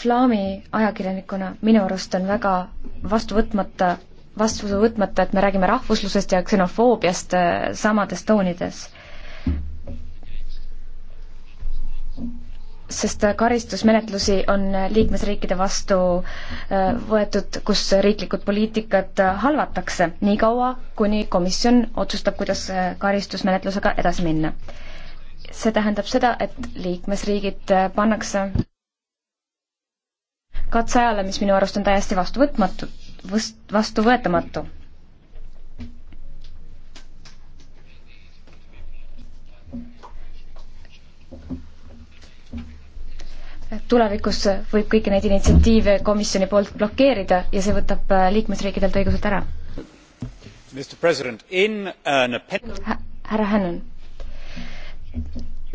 Flaami ajakirjanikuna minu arust on väga vastuvõtmata, vastuvõtmata, et me räägime rahvuslusest ja ksenofoobiast äh, samades toonides. sest äh, karistusmenetlusi on äh, liikmesriikide vastu võetud, kus riiklikud poliitikad halvatakse, niikaua kuni komisjon otsustab, kuidas karistusmenetlusega edasi minna. see tähendab seda, et liikmesriigid pannakse katseajale, mis minu arust on täiesti vastuvõtmatu, vastuvõetamatu. tulevikus võib kõiki neid initsiatiive komisjoni poolt blokeerida ja see võtab äh, liikmesriikidelt õigused ära. härra Hännon.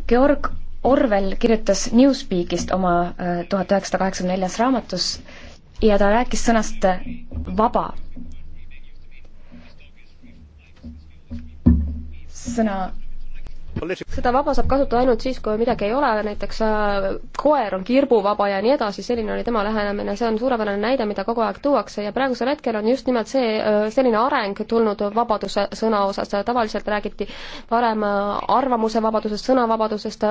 Georg Orwell kirjutas Newspeakist oma äh, tuhat üheksasada kaheksakümne neljas raamatus ja ta rääkis sõnast äh, vaba. sõna seda vaba saab kasutada ainult siis, kui midagi ei ole, näiteks äh, koer on kirbuvaba ja nii edasi, selline oli tema lähenemine, see on suurepärane näide, mida kogu aeg tuuakse ja praegusel hetkel on just nimelt see, äh, selline areng tulnud vabaduse sõna osas, tavaliselt räägiti varem äh, arvamuse vabadusest, sõnavabadusest,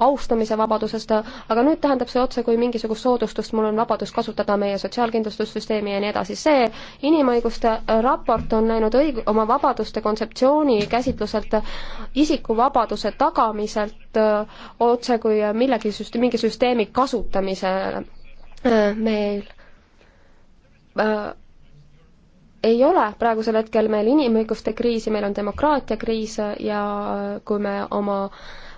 austamise vabadusest, aga nüüd tähendab see otse kui mingisugust soodustust, mul on vabadus kasutada meie sotsiaalkindlustussüsteemi ja nii edasi, see inimõiguste raport on läinud õig-, oma vabaduste kontseptsiooni käsitluselt isikuvabadusele vabaduse tagamiselt otse kui millegi süste-, mingi süsteemi kasutamisele. meil ei ole praegusel hetkel meil inimõiguste kriisi, meil on demokraatia kriis ja kui me oma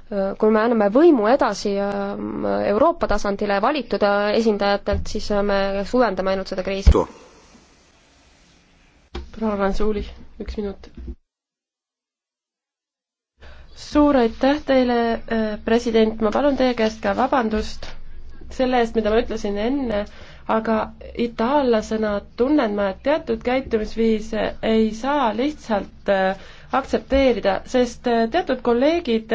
kui me anname võimu edasi Euroopa tasandile valitud esindajatelt, siis me suurendame ainult seda kriisi. proua Ransuuli, üks minut suur aitäh teile, äh, president, ma palun teie käest ka vabandust selle eest, mida ma ütlesin enne, aga itaallasena tunnen ma, et teatud käitumisviise ei saa lihtsalt äh, aktsepteerida, sest äh, teatud kolleegid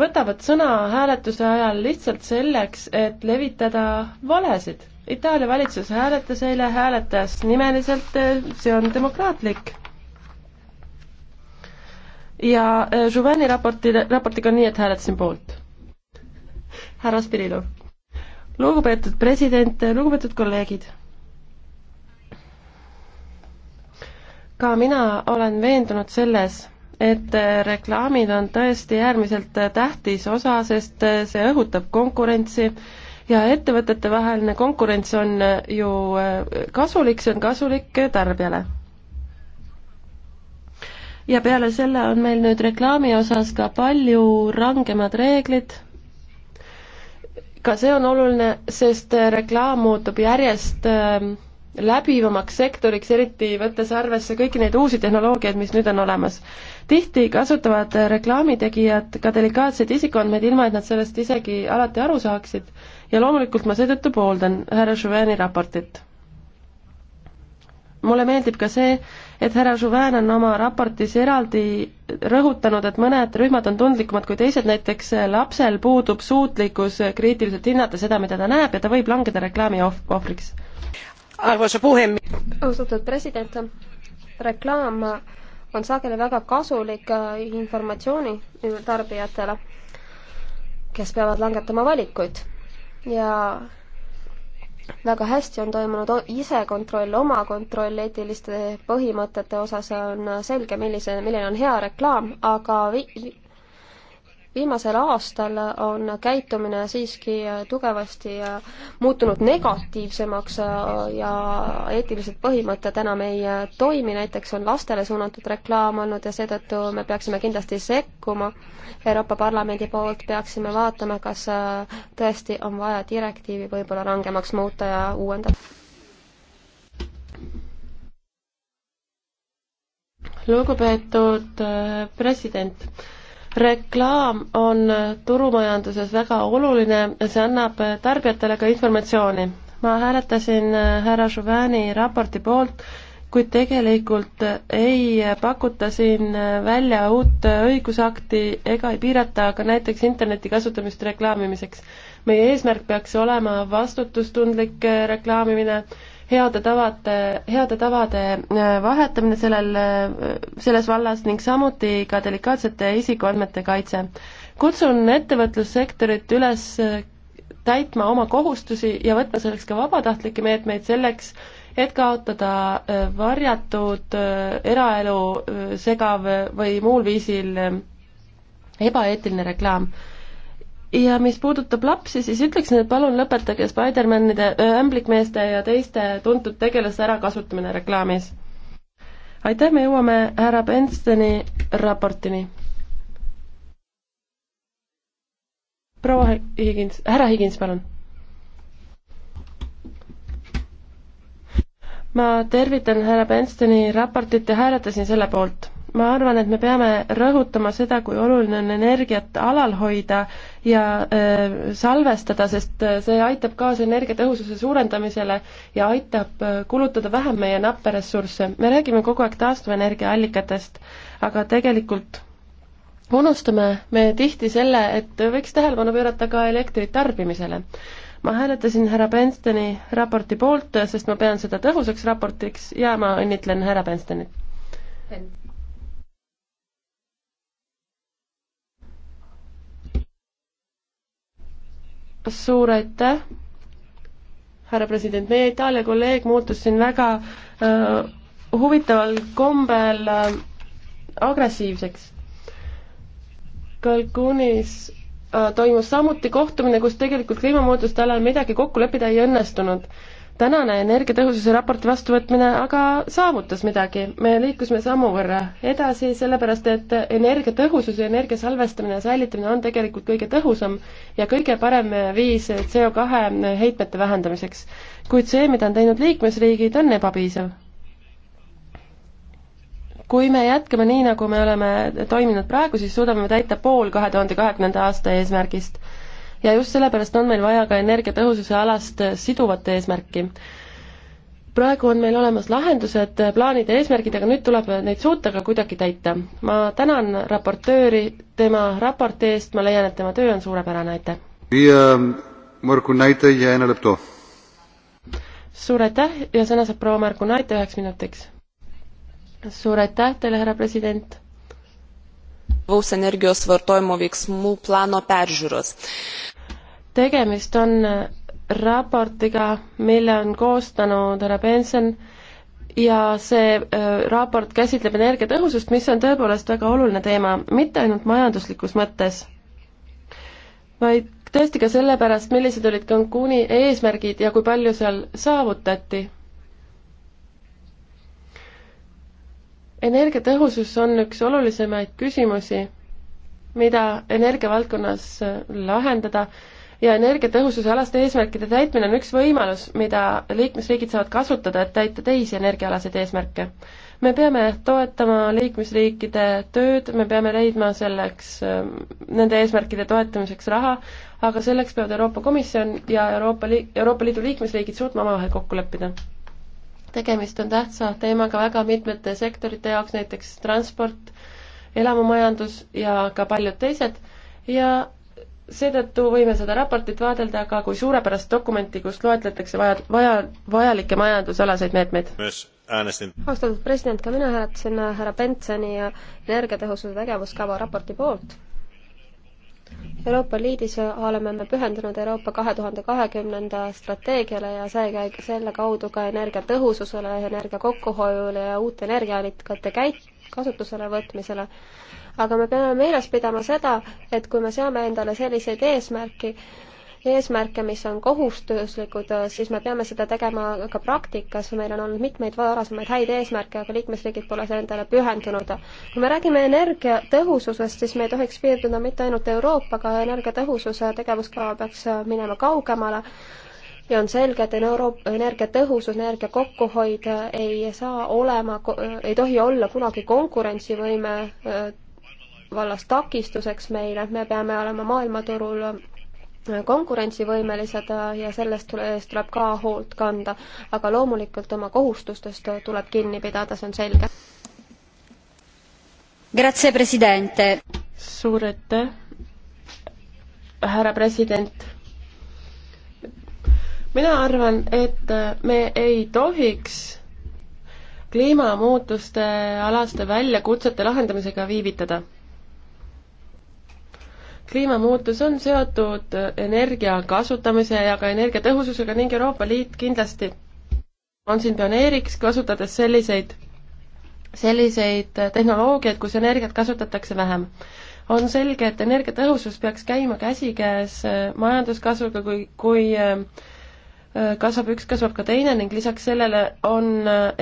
võtavad sõna hääletuse ajal lihtsalt selleks, et levitada valesid. Itaalia valitsus hääletas eile, hääletas nimeliselt, see on demokraatlik ja Jouveni äh, raportile, raportiga on nii, et hääletasin poolt. härra Spirilov. lugupeetud president, äh, lugupeetud kolleegid. ka mina olen veendunud selles, et äh, reklaamid on tõesti äärmiselt tähtis osa, sest see õhutab konkurentsi ja ettevõtete vaheline konkurents on ju kasulik, see on kasulik tarbijale ja peale selle on meil nüüd reklaami osas ka palju rangemad reeglid, ka see on oluline, sest reklaam muutub järjest ähm, läbivamaks sektoriks, eriti võttes arvesse kõiki neid uusi tehnoloogiaid, mis nüüd on olemas. tihti kasutavad reklaamitegijad ka delikaatseid isikuandmeid, ilma et nad sellest isegi alati aru saaksid ja loomulikult ma seetõttu pooldan härra Chauvini raportit mulle meeldib ka see, et härra Jouvin on oma raportis eraldi rõhutanud, et mõned rühmad on tundlikumad kui teised, näiteks lapsel puudub suutlikkus kriitiliselt hinnata seda, mida ta näeb ja ta võib langeda reklaami ohvriks. austatud president, reklaam on sageli väga kasulik informatsiooni tarbijatele, kes peavad langetama valikuid ja väga hästi on toimunud isekontroll, oma kontroll eetiliste põhimõtete osas on selge, millise, milline on hea reklaam, aga vi-, viimasel aastal on käitumine siiski tugevasti muutunud negatiivsemaks ja eetilised põhimõtted enam ei toimi, näiteks on lastele suunatud reklaam olnud ja seetõttu me peaksime kindlasti sekkuma. Euroopa Parlamendi poolt peaksime vaatama, kas tõesti on vaja direktiivi võib-olla rangemaks muuta ja uuendada. lugupeetud president reklaam on turumajanduses väga oluline, see annab tarbijatele ka informatsiooni. ma hääletasin äh, härra Chauvini raporti poolt, kuid tegelikult ei pakuta siin äh, välja uut õigusakti ega ei piirata ka näiteks interneti kasutamist reklaamimiseks. meie eesmärk peaks olema vastutustundlik äh, reklaamimine heade tavade, heade tavade äh, vahetamine sellel, äh, selles vallas ning samuti ka delikaatsete isikuandmete kaitse. kutsun ettevõtlussektorit üles äh, täitma oma kohustusi ja võtma selleks ka vabatahtlikke meetmeid selleks, et kaotada varjatud eraelu segav või muul viisil ebaeetiline reklaam ja mis puudutab lapsi, siis ütleksin, et palun lõpetage Spider-manide, ämblikmeeste ja teiste tuntud tegelaste ärakasutamine reklaamis. aitäh, me jõuame härra Bensteni raportini. proua Higins, härra Higins, palun. ma tervitan härra Bensteni raportit ja hääletasin selle poolt ma arvan, et me peame rõhutama seda, kui oluline on energiat alal hoida ja äh, salvestada, sest äh, see aitab kaasa energiatõhususe suurendamisele ja aitab äh, kulutada vähem meie nappe ressursse. me räägime kogu aeg taastuvenergia allikatest, aga tegelikult unustame me tihti selle, et võiks tähelepanu pöörata ka elektri tarbimisele ma hääletasin härra Bensteni raporti poolt, sest ma pean seda tõhusaks raportiks ja ma õnnitlen härra Benstenit ben.. suur aitäh, härra president, meie Itaalia kolleeg muutus siin väga äh, huvitaval kombel äh, agressiivseks. Kalkunis äh, toimus samuti kohtumine, kus tegelikult kliimamuutuste alal midagi kokku leppida ei õnnestunud äh, tänane energiatõhususe raporti vastuvõtmine aga saavutas midagi. me liikusime sammu võrra edasi, sellepärast et energiatõhusus ja energia salvestamine ja säilitamine on tegelikult kõige tõhusam ja kõige parem viis CO2 heitmete vähendamiseks. kuid see, mida on teinud liikmesriigid, on ebapiisav. kui me jätkame nii, nagu me oleme toiminud praegu, siis suudame täita pool kahe tuhande kahekümnenda aasta eesmärgist ja just sellepärast on meil vaja ka energiatõhususe alast siduvat eesmärki. praegu on meil olemas lahendused, plaanid ja eesmärgid, aga nüüd tuleb neid suuta ka kuidagi täita. ma tänan raportööri tema raporti eest, ma leian, et tema töö on suurepärane, aitäh! Ähm, suur aitäh ja sõna saab proua Margu Naite üheks minutiks. suur aitäh teile, härra president! vaus energijos vartojimo veiksmų plano peržiūros tegemist on raportiga, mille on koostanud härra Benson ja see äh, raport käsitleb energiatõhusust, mis on tõepoolest väga oluline teema, mitte ainult majanduslikus mõttes, vaid tõesti ka sellepärast, millised olid Cancuni eesmärgid ja kui palju seal saavutati. energiatõhusus on üks olulisemaid küsimusi, mida energiavaldkonnas äh, lahendada ja energiatõhususe alaste eesmärkide täitmine on üks võimalus, mida liikmesriigid saavad kasutada, et täita teisi energiaalaseid eesmärke. me peame toetama liikmesriikide tööd, me peame leidma selleks, ähm, nende eesmärkide toetamiseks raha, aga selleks peavad Euroopa Komisjon ja Euroopa Liit, Euroopa Liidu liikmesriigid suutma omavahel kokku leppida tegemist on tähtsa teemaga väga mitmete sektorite jaoks, näiteks transport, elamumajandus ja ka paljud teised ja seetõttu võime seda raportit vaadelda ka kui suurepärast dokumenti, kus loetletakse vaja, vaja, vajalikke majandusalaseid meetmeid. austatud president, ka mina hääletasin härra Bensoni energiatõhususe tegevuskava raporti poolt. Euroopa Liidis oleme me pühendunud Euroopa kahe tuhande kahekümnenda strateegiale ja seega selle kaudu ka energiatõhususele, energia kokkuhoiule ja uute energiaallikate käit-, kasutusele võtmisele aga me peame meeles pidama seda, et kui me seame endale selliseid eesmärki, eesmärke, mis on kohustuslikud, siis me peame seda tegema ka praktikas, meil on olnud mitmeid varasemaid häid eesmärke, aga liikmesriigid pole endale pühendunud. kui me räägime energiatõhususest, siis me ei tohiks piirduda mitte ainult Euroopaga, energiatõhususe tegevuskava peaks minema kaugemale ja on selge, et Euroopa energiatõhusus, energia kokkuhoid ei saa olema, ei tohi olla kunagi konkurentsivõime vallas takistuseks meile, me peame olema maailmaturul konkurentsivõimelised ja sellest eest tuleb ka hoolt kanda. aga loomulikult oma kohustustest tuleb kinni pidada, see on selge. Grazie, president! suur aitäh, härra president! mina arvan, et me ei tohiks kliimamuutuste alaste väljakutsete lahendamisega viivitada kliimamuutus on seotud energia kasutamise ja ka energiatõhususega ning Euroopa Liit kindlasti on siin pioneeriks, kasutades selliseid, selliseid tehnoloogiaid, kus energiat kasutatakse vähem. on selge, et energiatõhusus peaks käima käsikäes majanduskasvuga, kui, kui äh, kasvab üks, kasvab ka teine ning lisaks sellele on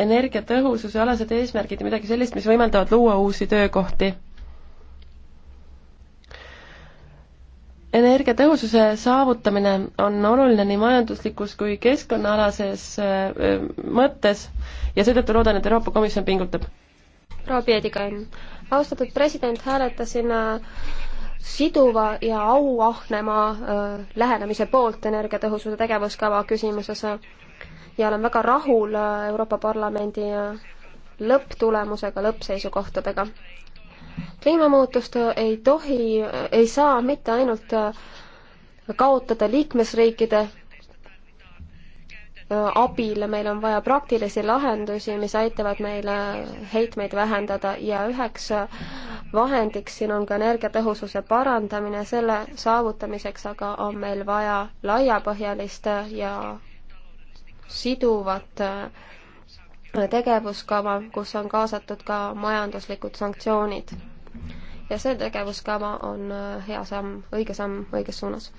energiatõhususe alased eesmärgid ja midagi sellist, mis võimaldavad luua uusi töökohti energiatõhususe saavutamine on oluline nii majanduslikus kui keskkonnaalases äh, äh, mõttes ja seetõttu loodan, et Euroopa Komisjon pingutab. proua Piedikann, austatud president, hääletasin siduva ja auahnema äh, lähenemise poolt energiatõhususe tegevuskava küsimuses ja olen väga rahul Euroopa Parlamendi lõpptulemusega, lõppseisukohtadega kliimamuutust ei tohi, ei saa mitte ainult äh, kaotada liikmesriikide äh, abil, meil on vaja praktilisi lahendusi, mis aitavad meile heitmeid vähendada ja üheks äh, vahendiks siin on ka energiatõhususe parandamine, selle saavutamiseks aga on meil vaja laiapõhjalist ja siduvat tegevuskava, kus on kaasatud ka majanduslikud sanktsioonid ja see tegevuskava on äh, hea samm, õige samm õiges suunas.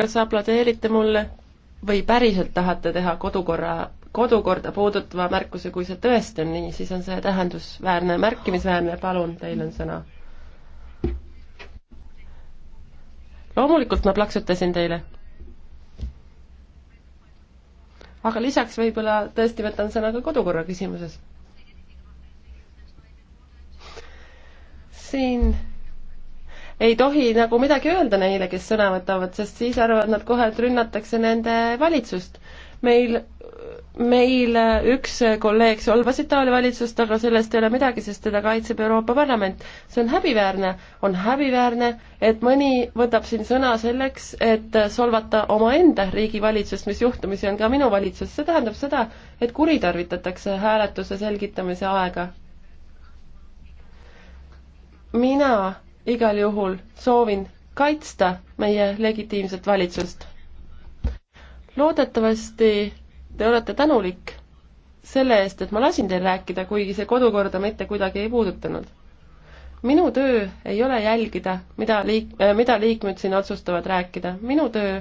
kas aplodeerite mulle või päriselt tahate teha kodukorra, kodukorda puudutava märkuse, kui see tõesti on nii, siis on see tähendusväärne, märkimisväärne, palun, teil on sõna. loomulikult ma plaksutasin teile aga lisaks võib-olla tõesti võtan sõna ka kodukorra küsimuses. siin ei tohi nagu midagi öelda neile, kes sõna võtavad, sest siis arvavad nad kohe, et rünnatakse nende valitsust. meil meil äh, üks äh, kolleeg solvas Itaalia valitsust, aga sellest ei ole midagi, sest teda kaitseb Euroopa Parlament. see on häbiväärne, on häbiväärne, et mõni võtab siin sõna selleks, et äh, solvata omaenda riigi valitsust, mis juhtumisi on ka minu valitsus, see tähendab seda, et kuritarvitatakse hääletuse selgitamise aega. mina igal juhul soovin kaitsta meie legitiimset valitsust. loodetavasti Te olete tänulik selle eest, et ma lasin teil rääkida, kuigi see kodukorda mitte kuidagi ei puudutanud. minu töö ei ole jälgida, mida liik-, äh, mida liikmed siin otsustavad rääkida, minu töö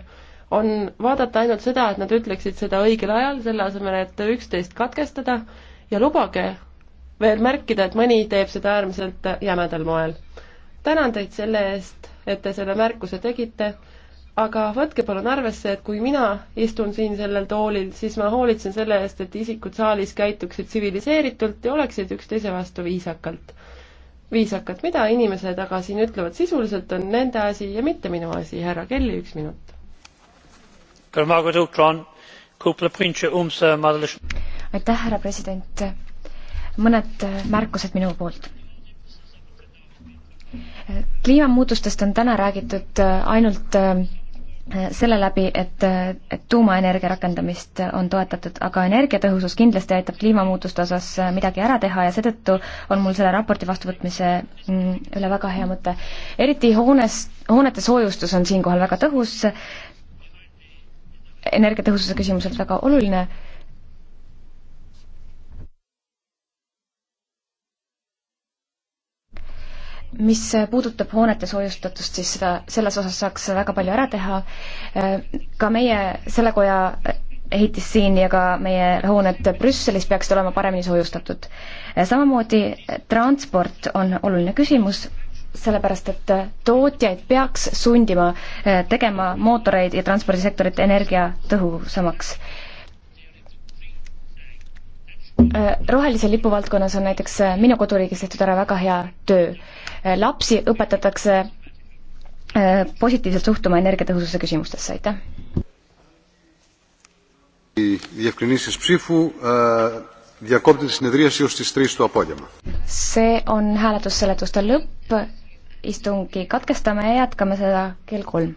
on vaadata ainult seda, et nad ütleksid seda õigel ajal, selle asemel, et üksteist katkestada ja lubage veel märkida, et mõni teeb seda äärmiselt jämedal moel. tänan teid selle eest, et te selle märkuse tegite aga võtke palun arvesse, et kui mina istun siin sellel toolil, siis ma hoolitsen selle eest, et isikud saalis käituksid tsiviliseeritult ja oleksid üksteise vastu viisakalt. viisakad, mida inimesed aga siin ütlevad sisuliselt, on nende asi ja mitte minu asi. härra Kelly, üks minut. aitäh, härra president. mõned märkused minu poolt kliimamuutustest on täna räägitud ainult äh, Äh, selle läbi, et, äh, et tuumaenergia rakendamist on toetatud, aga energiatõhusus kindlasti aitab kliimamuutuste osas äh, midagi ära teha ja seetõttu on mul selle raporti vastuvõtmise mm, üle väga hea mõte. eriti hoones, hoonete soojustus on siinkohal väga tõhus, energiatõhususe küsimus on väga oluline mis puudutab hoonete soojustatust, siis seda, selles osas saaks väga palju ära teha, ka meie selle koja ehitis siin ja ka meie hooned Brüsselis peaksid olema paremini soojustatud. samamoodi transport on oluline küsimus, sellepärast et tootjaid peaks sundima eh, tegema mootoreid ja transpordisektorit energiatõhusamaks Äh, rohelise lipu valdkonnas on näiteks äh, minu koduriigis tehtud ära väga hea töö. Äh, lapsi õpetatakse positiivselt suhtuma energiatõhususe küsimustesse, aitäh. see on hääletusseletuste lõpp, istungi katkestame ja jätkame seda kell kolm.